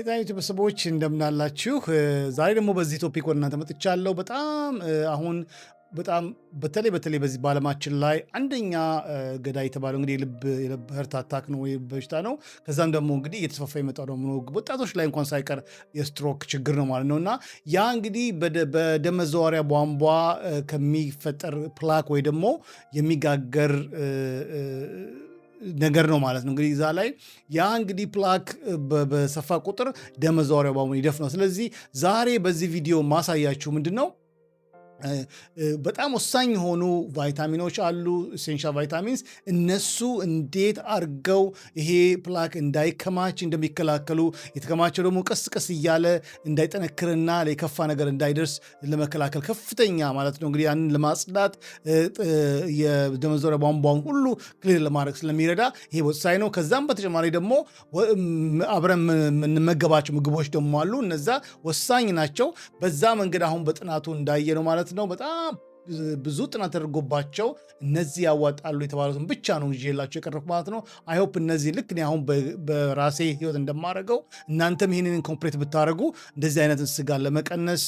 የጣዩ ቤተሰቦች እንደምናላችሁ። ዛሬ ደግሞ በዚህ ቶፒክ ወደ እናንተ መጥቻለሁ። በጣም አሁን በጣም በተለይ በተለይ በዚህ በዓለማችን ላይ አንደኛ ገዳይ የተባለው እንግዲህ የልብ ህርት አታክ ነው ወይ በሽታ ነው። ከዛም ደግሞ እንግዲህ እየተስፋፋ የመጣ ነው ወጣቶች ላይ እንኳን ሳይቀር የስትሮክ ችግር ነው ማለት ነው። እና ያ እንግዲህ በደም መዘዋወሪያ ቧንቧ ከሚፈጠር ፕላክ ወይ ደግሞ የሚጋገር ነገር ነው ማለት ነው። እንግዲህ እዛ ላይ ያ እንግዲህ ፕላክ በሰፋ ቁጥር ደመዘዋሪያው መዘዋወሪያ ይደፍ ነው። ስለዚህ ዛሬ በዚህ ቪዲዮ ማሳያችሁ ምንድን ነው በጣም ወሳኝ የሆኑ ቫይታሚኖች አሉ፣ ኢሴንሻል ቫይታሚንስ። እነሱ እንዴት አርገው ይሄ ፕላክ እንዳይከማች እንደሚከላከሉ የተከማቸው ደግሞ ቀስ ቀስ እያለ እንዳይጠነክርና የከፋ ነገር እንዳይደርስ ለመከላከል ከፍተኛ ማለት ነው እንግዲህ ያንን ለማጽዳት የደመዘሪያ ቧንቧን ሁሉ ክሊር ለማድረግ ስለሚረዳ ይሄ ወሳኝ ነው። ከዛም በተጨማሪ ደግሞ አብረን የምንመገባቸው ምግቦች ደግሞ አሉ። እነዛ ወሳኝ ናቸው። በዛ መንገድ አሁን በጥናቱ እንዳየ ነው ማለት ማለት ነው። በጣም ብዙ ጥናት ተደርጎባቸው እነዚህ ያዋጣሉ የተባሉትን ብቻ ነው ይዤላቸው የቀረብኩ ማለት ነው። አይሆፕ እነዚህ ልክ እኔ አሁን በራሴ ህይወት እንደማደርገው እናንተም ይህንን ኮምፕሌት ብታደርጉ እንደዚህ አይነትን ስጋ ለመቀነስ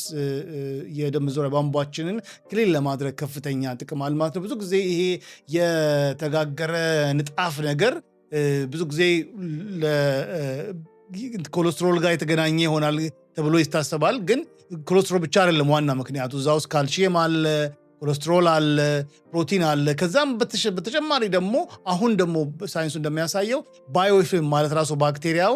የደም መዞሪያ ቧንቧችንን ክሊል ለማድረግ ከፍተኛ ጥቅም አለ ማለት ነው። ብዙ ጊዜ ይሄ የተጋገረ ንጣፍ ነገር ብዙ ጊዜ ኮሌስትሮል ጋር የተገናኘ ይሆናል ተብሎ ይታሰባል። ግን ኮሌስትሮል ብቻ አይደለም ዋና ምክንያቱ። እዛ ውስጥ ካልሽየም አለ፣ ኮሎስትሮል አለ፣ ፕሮቲን አለ። ከዛም በተጨማሪ ደግሞ አሁን ደግሞ ሳይንሱ እንደሚያሳየው ባዮፊልም ማለት ራሱ ባክቴሪያው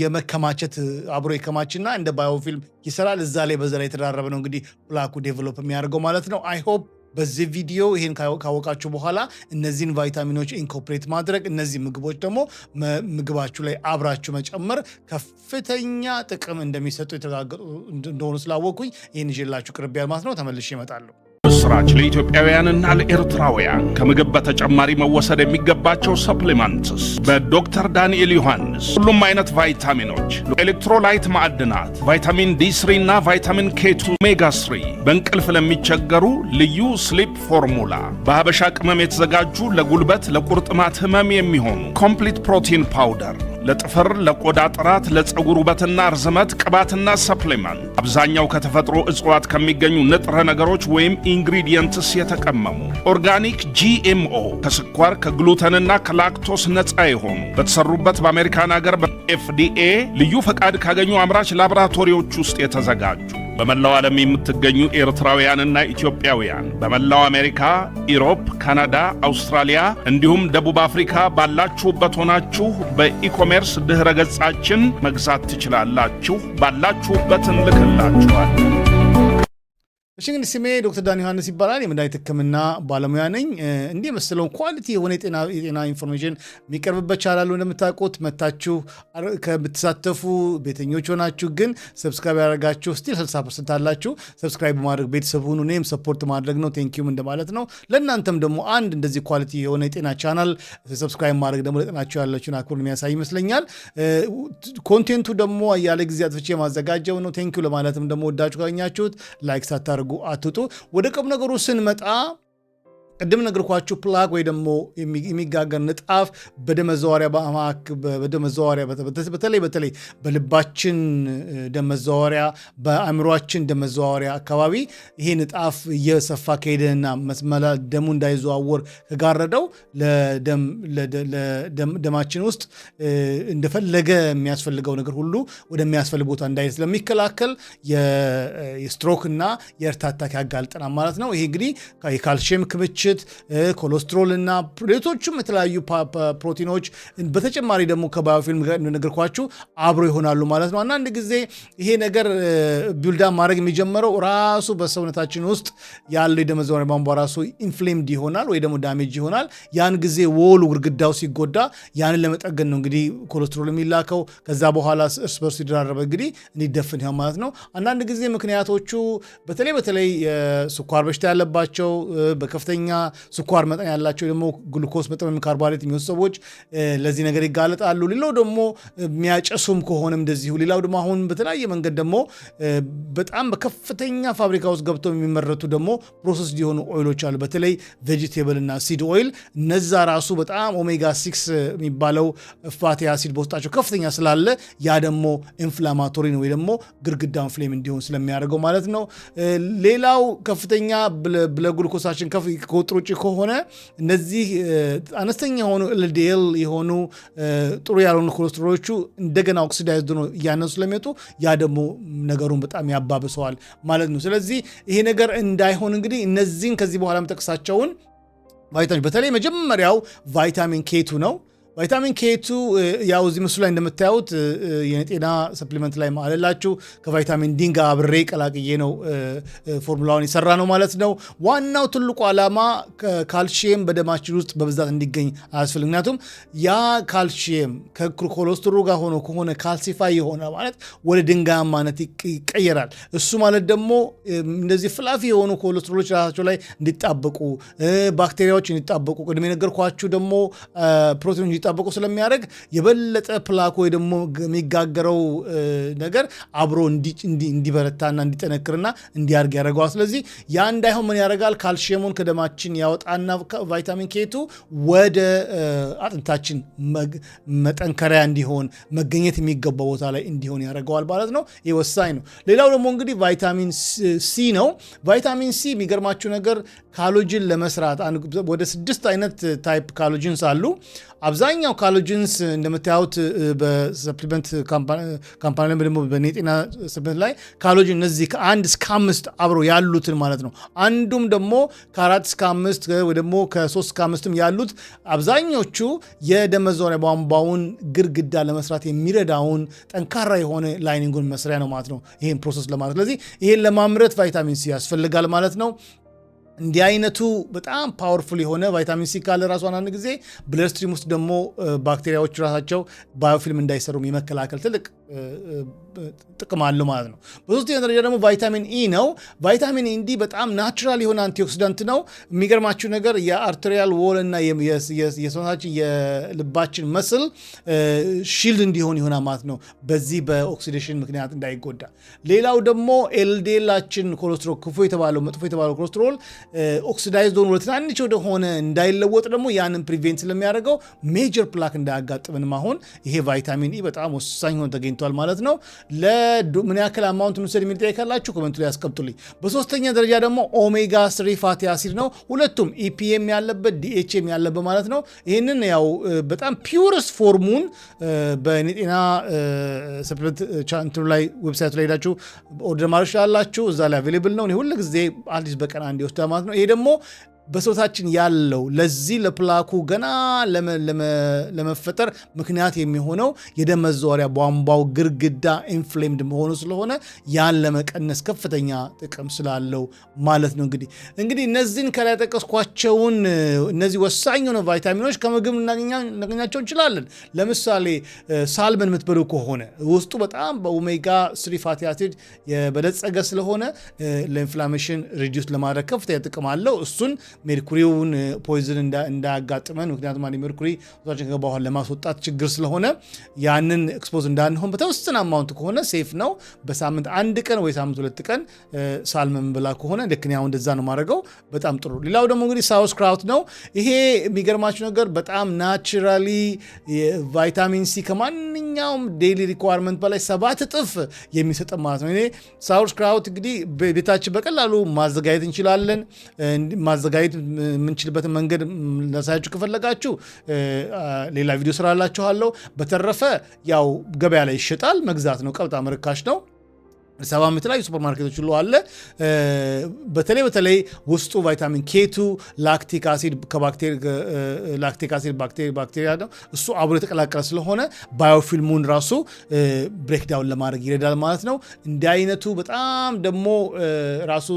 የመከማቸት አብሮ ይከማችና እንደ ባዮፊልም ይሰራል። እዛ ላይ በዛ ላይ የተደራረበ ነው እንግዲህ ፕላኩ ዴቨሎፕ የሚያደርገው ማለት ነው አይሆፕ በዚህ ቪዲዮ ይህን ካወቃችሁ በኋላ እነዚህን ቫይታሚኖች ኢንኮፕሬት ማድረግ እነዚህ ምግቦች ደግሞ ምግባችሁ ላይ አብራችሁ መጨመር ከፍተኛ ጥቅም እንደሚሰጡ የተረጋገጡ እንደሆኑ ስላወቅኩኝ ይህን ይዤላችሁ ቅርቢያል ማለት ነው። ተመልሼ እመጣለሁ። ምስራች ለኢትዮጵያውያንና ለኤርትራውያን ከምግብ በተጨማሪ መወሰድ የሚገባቸው ሰፕሊመንትስ በዶክተር ዳንኤል ዮሐንስ። ሁሉም አይነት ቫይታሚኖች፣ ኤሌክትሮላይት፣ ማዕድናት፣ ቫይታሚን ዲ3 እና ቫይታሚን ኬቱ፣ ሜጋ 3 በእንቅልፍ ለሚቸገሩ ልዩ ስሊፕ ፎርሙላ፣ በሀበሻ ቅመም የተዘጋጁ ለጉልበት ለቁርጥማት ህመም የሚሆኑ ኮምፕሊት ፕሮቲን ፓውደር ለጥፍር፣ ለቆዳ ጥራት፣ ለፀጉር ውበትና ርዝመት ቅባትና ሰፕሊመንት አብዛኛው ከተፈጥሮ እጽዋት ከሚገኙ ንጥረ ነገሮች ወይም ኢንግሪዲየንትስ የተቀመሙ ኦርጋኒክ ጂኤምኦ ከስኳር ከግሉተንና ከላክቶስ ነፃ የሆኑ በተሰሩበት በአሜሪካን ሀገር በኤፍዲኤ ልዩ ፈቃድ ካገኙ አምራች ላቦራቶሪዎች ውስጥ የተዘጋጁ በመላው ዓለም የምትገኙ ኤርትራውያንና ኢትዮጵያውያን በመላው አሜሪካ፣ ኢሮፕ፣ ካናዳ፣ አውስትራሊያ እንዲሁም ደቡብ አፍሪካ ባላችሁበት ሆናችሁ በኢኮሜርስ ድኅረ ገጻችን መግዛት ትችላላችሁ። ባላችሁበት እንልክላችኋል። እሺ እንግዲህ ስሜ ዶክተር ዳን ዮሐንስ ይባላል። የመድኃኒት ሕክምና ባለሙያ ነኝ። እንዲህ የመሰለውን ኳሊቲ የሆነ የጤና ኢንፎርሜሽን የሚቀርብበት ቻላሉ እንደምታውቁት መታችሁ ከምትሳተፉ ቤተኞች ሆናችሁ ግን ሰብስክራይብ ያደረጋችሁ ስቲል 60 ፐርሰንት አላችሁ። ሰብስክራይብ በማድረግ ቤተሰብ ሁኑ። እኔም ሰፖርት ማድረግ ነው ቴንኪዩም እንደማለት ነው። ለእናንተም ደግሞ አንድ እንደዚህ ኳሊቲ የሆነ የጤና ቻናል ሰብስክራይብ ማድረግ ደግሞ ለጤናችሁ ያላችሁን አክብሮ የሚያሳይ ይመስለኛል። ኮንቴንቱ ደግሞ ያለ ጊዜ አጥፍቼ የማዘጋጀው ነው። ቴንኪዩ ለማለትም ደግሞ ወዳችሁ ካገኛችሁት ላይክ ሳታደርጉ አትጡ። ወደ ቁም ነገሩ ስንመጣ ቅድም ነግርኳችሁ ፕላግ ወይ ደግሞ የሚጋገር ንጣፍ በደም መዘዋወሪያ በደም መዘዋወሪያ በተለይ በተለይ በልባችን ደም መዘዋወሪያ በአእምሯችን ደም መዘዋወሪያ አካባቢ ይሄ ንጣፍ እየሰፋ ከሄደና መስመላ ደሙ እንዳይዘዋወር ከጋረደው ለደማችን ውስጥ እንደፈለገ የሚያስፈልገው ነገር ሁሉ ወደሚያስፈልግ ቦታ እንዳይሄድ ስለሚከላከል የስትሮክ እና የእርታታ ያጋልጠናል ማለት ነው። ይሄ እንግዲህ የካልሽየም ክምች ክምችት፣ ኮሎስትሮል እና ሌሎችም የተለያዩ ፕሮቲኖች በተጨማሪ ደግሞ ከባዮፊልም ጋር እንደነገርኳችሁ አብሮ ይሆናሉ ማለት ነው። አንዳንድ ጊዜ ይሄ ነገር ቢልዳ ማድረግ የሚጀምረው ራሱ በሰውነታችን ውስጥ ያለው የደም ዝውውር ቧንቧ ራሱ ኢንፍሌምድ ይሆናል ወይ ደግሞ ዳሜጅ ይሆናል። ያን ጊዜ ወሉ ግድግዳው ሲጎዳ ያንን ለመጠገን ነው እንግዲህ ኮሎስትሮል የሚላከው። ከዛ በኋላ እርስ በርሱ ይደራረበ እንግዲህ እንዲደፍን ይሆን ማለት ነው። አንዳንድ ጊዜ ምክንያቶቹ በተለይ በተለይ ስኳር በሽታ ያለባቸው በከፍተኛ ከፍተኛ ስኳር መጠን ያላቸው ደግሞ ግሉኮስ መጠን ወይም ካርቦሃይድሬት የሚወስዱ ሰዎች ለዚህ ነገር ይጋለጣሉ። ሌላው ደግሞ የሚያጨሱም ከሆነም እንደዚሁ። ሌላው ደግሞ አሁን በተለያየ መንገድ ደግሞ በጣም በከፍተኛ ፋብሪካ ውስጥ ገብተው የሚመረቱ ደግሞ ፕሮሰስ ሊሆኑ ኦይሎች አሉ። በተለይ ቬጂቴብል እና ሲድ ኦይል እነዛ ራሱ በጣም ኦሜጋ ሲክስ የሚባለው ፋቲ አሲድ በውስጣቸው ከፍተኛ ስላለ ያ ደግሞ ኢንፍላማቶሪ ነው ወይ ደግሞ ግድግዳን ኢንፍሌም እንዲሆን ስለሚያደርገው ማለት ነው። ሌላው ከፍተኛ ብለጉልኮሳችን ከፍ ከቁጥጥር ውጭ ከሆነ እነዚህ አነስተኛ የሆኑ ኤልዲኤል የሆኑ ጥሩ ያልሆኑ ኮሌስትሮሎቹ እንደገና ኦክሲዳይዝድ ነው እያነሱ ስለሚወጡ ያ ደግሞ ነገሩን በጣም ያባብሰዋል ማለት ነው። ስለዚህ ይሄ ነገር እንዳይሆን እንግዲህ እነዚህን ከዚህ በኋላ መጠቅሳቸውን ቫይታሚን በተለይ መጀመሪያው ቫይታሚን ኬቱ ነው። ቫይታሚን ኬቱ ያው እዚህ ምስሉ ላይ እንደምታዩት የጤና ሰፕሊመንት ላይ ማለላችሁ ከቫይታሚን ዲን ጋር አብሬ ቀላቅዬ ነው ፎርሙላውን የሰራ ነው ማለት ነው። ዋናው ትልቁ ዓላማ ካልሽየም በደማችን ውስጥ በብዛት እንዲገኝ አያስፈልግ። ምክንያቱም ያ ካልሽየም ከኮሎስትሮ ጋር ሆኖ ከሆነ ካልሲፋይ የሆነ ማለት ወደ ድንጋያማነት ይቀየራል። እሱ ማለት ደግሞ እንደዚህ ፍላፊ የሆኑ ኮሎስትሮሎች ራሳቸው ላይ እንዲጣበቁ፣ ባክቴሪያዎች እንዲጣበቁ ቅድም የነገርኳችሁ ደግሞ ፕሮቲኖች እንዲጣበቁ ስለሚያደርግ የበለጠ ፕላክ ወይ ደግሞ የሚጋገረው ነገር አብሮ እንዲበረታና እንዲጠነክርና እንዲያርግ ያደርገዋል። ስለዚህ ያ እንዳይሆን ምን ያደርጋል? ካልሽየሙን ከደማችን ያወጣና ቫይታሚን ኬቱ ወደ አጥንታችን መጠንከሪያ እንዲሆን መገኘት የሚገባ ቦታ ላይ እንዲሆን ያደርገዋል ማለት ነው። ይህ ወሳኝ ነው። ሌላው ደግሞ እንግዲህ ቫይታሚን ሲ ነው። ቫይታሚን ሲ የሚገርማችሁ ነገር ካሎጅን ለመስራት ወደ ስድስት አይነት ታይፕ ካሎጅንስ አሉ። አብዛ አብዛኛው ካሎጅንስ እንደምታዩት በሰፕሊመንት ካምፓኒ ላይ ደግሞ በእኔ ሰፕሊመንት ላይ ካሎጂን እነዚህ ከአንድ እስከ አምስት አብረው ያሉትን ማለት ነው። አንዱም ደግሞ ከአራት እስከ አምስት ወይ ደግሞ ከሶስት እስከ አምስትም ያሉት አብዛኞቹ የደም መዘዋወሪያ ቧንቧውን ግድግዳ ለመስራት የሚረዳውን ጠንካራ የሆነ ላይኒንጉን መስሪያ ነው ማለት ነው። ይህን ፕሮሰስ ለማለት ስለዚህ ይህን ለማምረት ቫይታሚን ሲ ያስፈልጋል ማለት ነው። እንዲህ አይነቱ በጣም ፓወርፉል የሆነ ቫይታሚን ሲ ካለ ራሱ አንዳንድ ጊዜ ብለድ ስትሪም ውስጥ ደግሞ ባክቴሪያዎች ራሳቸው ባዮፊልም እንዳይሰሩም የመከላከል ትልቅ ጥቅም አለው ማለት ነው። በሶስተኛ ደረጃ ደግሞ ቫይታሚን ኢ e ነው። ቫይታሚን ኢ e እንዲህ በጣም ናቹራል የሆነ አንቲኦክሲዳንት ነው። የሚገርማችሁ ነገር የአርቴሪያል ዎል እና የሰውነታችን የልባችን መስል ሺልድ እንዲሆን ይሆና ማለት ነው፣ በዚህ በኦክሲዴሽን ምክንያት እንዳይጎዳ። ሌላው ደግሞ ኤልዴላችን ኮሌስትሮል ክፉ የተባለው መጥፎ የተባለው ኮሌስትሮል ኦክሲዳይዝ ሆኖ ትናንሽ ወደሆነ እንዳይለወጥ ደግሞ ያንን ፕሪቬንት ስለሚያደርገው ሜጀር ፕላክ እንዳያጋጥምን ማሆን ይሄ ቫይታሚን ኢ e በጣም ወሳኝ ሆነ ተገኝቶ ተገኝቷል ማለት ነው። ለምን ያክል አማውንት እንውሰድ የሚል ጥያቄ ካላችሁ ኮመንቱ ላይ ያስቀምጡልኝ። በሶስተኛ ደረጃ ደግሞ ኦሜጋ ስሪ ፋቲ አሲድ ነው። ሁለቱም ኢፒኤም ያለበት ዲኤችኤም ያለበት ማለት ነው። ይህንን ያው በጣም ፒውርስ ፎርሙን በኔጤና ጤና ሰፕሊመንት ቻንትሩ ላይ ዌብሳይቱ ላይ ሄዳችሁ ኦርደር ማድረግ ትችላላችሁ። እዛ ላይ አቬሌብል ነው። ሁል ጊዜ አዲስ በቀን አንድ ይወስዳል ማለት ነው። ይሄ ደግሞ በሰውታችን ያለው ለዚህ ለፕላኩ ገና ለመፈጠር ምክንያት የሚሆነው የደም መዘዋወሪያ ቧንቧው ግድግዳ ኢንፍሌምድ መሆኑ ስለሆነ ያን ለመቀነስ ከፍተኛ ጥቅም ስላለው ማለት ነው። እንግዲህ እንግዲህ እነዚህን ከላይ ጠቀስኳቸውን እነዚህ ወሳኝ የሆነ ቫይታሚኖች ከምግብ እናገኛቸው እንችላለን። ለምሳሌ ሳልመን የምትበሉ ከሆነ ውስጡ በጣም በኦሜጋ ስሪ ፋቲ አሲድ የበለጸገ ስለሆነ ለኢንፍላሜሽን ሪዲስ ለማድረግ ከፍተኛ ጥቅም አለው እሱን ሜርኩሪውን ፖይዝን እንዳያጋጥመን፣ ምክንያቱም አንድ ሜርኩሪ ቻችን ከገባ ውሃ ለማስወጣት ችግር ስለሆነ ያንን ኤክስፖዝ እንዳንሆን በተወሰነ አማውንት ከሆነ ሴፍ ነው። በሳምንት አንድ ቀን ወይ ሳምንት ሁለት ቀን ሳልመን ብላ ከሆነ ልክን እኔ እንደዛ ነው ማድረገው። በጣም ጥሩ። ሌላው ደግሞ እንግዲህ ሳውስ ክራውት ነው። ይሄ የሚገርማችሁ ነገር በጣም ናቹራሊ ቫይታሚን ሲ ከማንኛውም ዴይሊ ሪኳርመንት በላይ ሰባት እጥፍ የሚሰጥ ማለት ነው። እኔ ሳውስ ክራውት እንግዲህ ቤታችን በቀላሉ ማዘጋጀት እንችላለን ማዘጋ ማየት የምንችልበትን መንገድ ላሳያችሁ ከፈለጋችሁ ሌላ ቪዲዮ ስራላችኋለሁ። በተረፈ ያው ገበያ ላይ ይሸጣል፣ መግዛት ነው። ቀብጣ ርካሽ ነው። አዲስ አበባም የተለያዩ ሱፐር ማርኬቶች ሁሉ አለ። በተለይ በተለይ ውስጡ ቫይታሚን ኬቱ ላክቲክ አሲድ ላክቲክ አሲድ ባክቴሪያ ነው እሱ አብሮ የተቀላቀለ ስለሆነ ባዮፊልሙን ራሱ ብሬክዳውን ለማድረግ ይረዳል ማለት ነው። እንዲህ አይነቱ በጣም ደግሞ ራሱ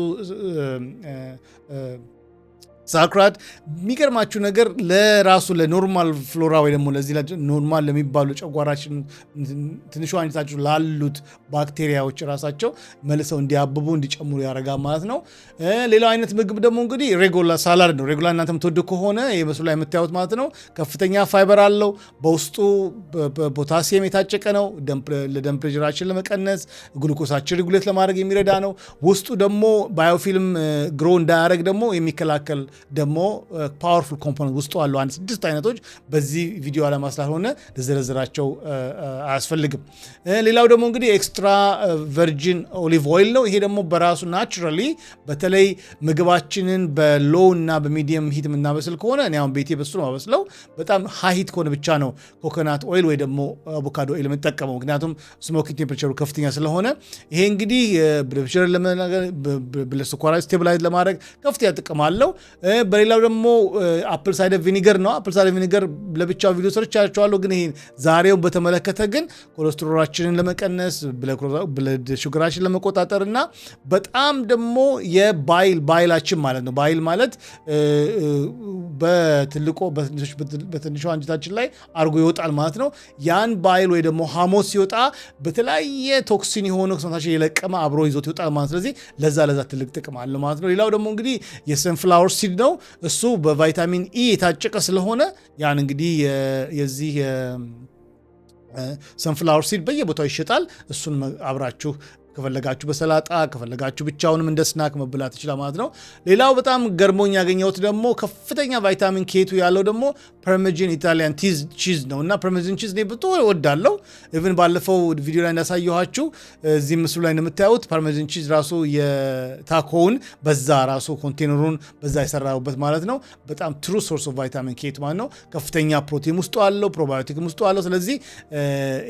ሳክራት የሚገርማችሁ ነገር ለራሱ ለኖርማል ፍሎራ ወይ ደግሞ ለዚህ ኖርማል ለሚባሉ ጨጓራችን ትንሹ አይነታቸው ላሉት ባክቴሪያዎች ራሳቸው መልሰው እንዲያብቡ እንዲጨምሩ ያደርጋል ማለት ነው። ሌላው አይነት ምግብ ደግሞ እንግዲህ ሬጎላ ሳላድ ነው። ሬጎላ እናንተም ትወድ ከሆነ የምስሉ ላይ የምታዩት ማለት ነው። ከፍተኛ ፋይበር አለው። በውስጡ ፖታሲየም የታጨቀ ነው። ለደም ፕሬሽራችን ለመቀነስ ግሉኮሳችን ሪጉሌት ለማድረግ የሚረዳ ነው። ውስጡ ደግሞ ባዮፊልም ግሮ እንዳያደረግ ደግሞ የሚከላከል ደግሞ ፓወርፉል ኮምፖነንት ውስጡ አለው። አንድ ስድስት አይነቶች በዚህ ቪዲዮ ዓላማ ስላልሆነ ልዘረዝራቸው uh, uh, አያስፈልግም። uh, ሌላው ደግሞ እንግዲህ ኤክስትራ ቨርጂን ኦሊቭ ኦይል ነው። ይሄ ደግሞ በራሱ ናቹራሊ በተለይ ምግባችንን በሎው እና በሚዲየም ሂት የምናበስል ከሆነ እኔ አሁን ቤቴ በሱ ነው በጣም ሃይ ሂት ከሆነ ብቻ ነው ኮኮናት ኦይል ወይ ደግሞ አቮካዶ ኦይል የምንጠቀመው፣ ምክንያቱም ስሞኪ ቴምፕሬቸሩ ከፍተኛ ስለሆነ ይሄ እንግዲህ ብለሽር ለመናገር ብለስኳራ ስቴብላይዝ ለማድረግ ከፍተኛ ጥቅም አለው። በሌላው ደግሞ አፕል ሳይደር ቪኒገር ነው። አፕል ሳይደር ቪኒገር ለብቻው ቪዲዮ ሰርቻቸዋለሁ። ግን ይሄን ዛሬውን በተመለከተ ግን ኮለስትሮላችንን ለመቀነስ ብለድ ሹገራችንን ለመቆጣጠር እና በጣም ደግሞ የባይል ባይላችን ማለት ነው ባይል ማለት በትልቆ በትንሿ አንጀታችን ላይ አርጎ ይወጣል ማለት ነው። ያን ባይል ወይ ደግሞ ሐሞት ሲወጣ በተለያየ ቶክሲን የሆነ ሰውነታችን የለቀመ አብሮ ይዞት ይወጣል ማለት ስለዚህ ለዛ ለዛ ትልቅ ጥቅም አለ ማለት ነው። ሌላው ደግሞ እንግዲህ የሰንፍላወር ሲድ ነው እሱ በቫይታሚን ኢ e የታጨቀ ስለሆነ ያን እንግዲህ የዚህ ሰንፍላወር ሲድ በየቦታው ይሸጣል። እሱን አብራችሁ ከፈለጋችሁ በሰላጣ ከፈለጋችሁ ብቻውንም እንደ ስናክ መብላት ይችላል ማለት ነው። ሌላው በጣም ገርሞኝ ያገኘሁት ደግሞ ከፍተኛ ቫይታሚን ኬቱ ያለው ደግሞ ፐርሜጂን ኢታሊያን ቺዝ ነው እና ፐርሜጂን ቺዝ እኔ ብቶ እወዳለሁ። ኢቭን ባለፈው ቪዲዮ ላይ እንዳሳየኋችሁ እዚህ ምስሉ ላይ እንደምታዩት ፐርሜጂን ቺዝ ራሱ የታኮውን በዛ ራሱ ኮንቴነሩን በዛ የሰራሁበት ማለት ነው። በጣም ትሩ ሶርስ ኦፍ ቫይታሚን ኬት ማለት ነው። ከፍተኛ ፕሮቲን ውስጡ አለው፣ ፕሮባዮቲክም ውስጡ አለው። ስለዚህ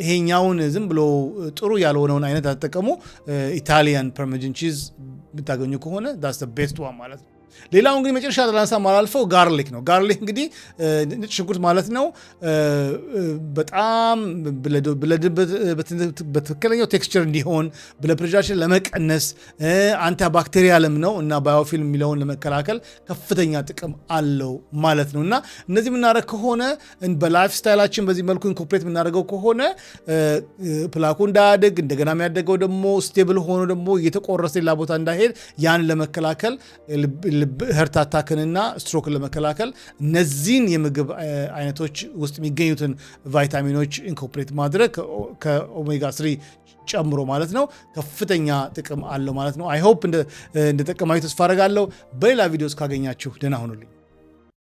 ይሄኛውን ዝም ብሎ ጥሩ ያልሆነውን አይነት አትጠቀሙ። ኢታሊያን ፐርሚጅን ቺዝ ብታገኙ ከሆነ ዳስ ቤስት ዋን ማለት ነው። ሌላው እንግዲህ መጨረሻ ላንሳ ማላልፈው ጋርሊክ ነው። ጋርሊክ እንግዲህ ነጭ ሽንኩርት ማለት ነው። በጣም በትክክለኛው ቴክስቸር እንዲሆን ብለድ ፕሬሸራችን ለመቀነስ አንታ ባክቴሪያልም ነው እና ባዮፊልም የሚለውን ለመከላከል ከፍተኛ ጥቅም አለው ማለት ነው። እና እነዚህ የምናደርግ ከሆነ በላይፍ ስታይላችን በዚህ መልኩ ኢንኮፕሬት የምናደርገው ከሆነ ፕላኩ እንዳያደግ እንደገና የሚያደገው ደግሞ ስቴብል ሆኖ ደግሞ እየተቆረሰ ሌላ ቦታ እንዳይሄድ ያን ለመከላከል የልብ ህርት አታክንና ስትሮክን ለመከላከል እነዚህን የምግብ አይነቶች ውስጥ የሚገኙትን ቫይታሚኖች ኢንኮፕሬት ማድረግ ከኦሜጋ ስሪ ጨምሮ ማለት ነው ከፍተኛ ጥቅም አለው ማለት ነው። አይሆፕ እንደጠቀማዊ ተስፋ አደርጋለሁ። በሌላ ቪዲዮ እስካገኛችሁ ደህና ሆኑልኝ።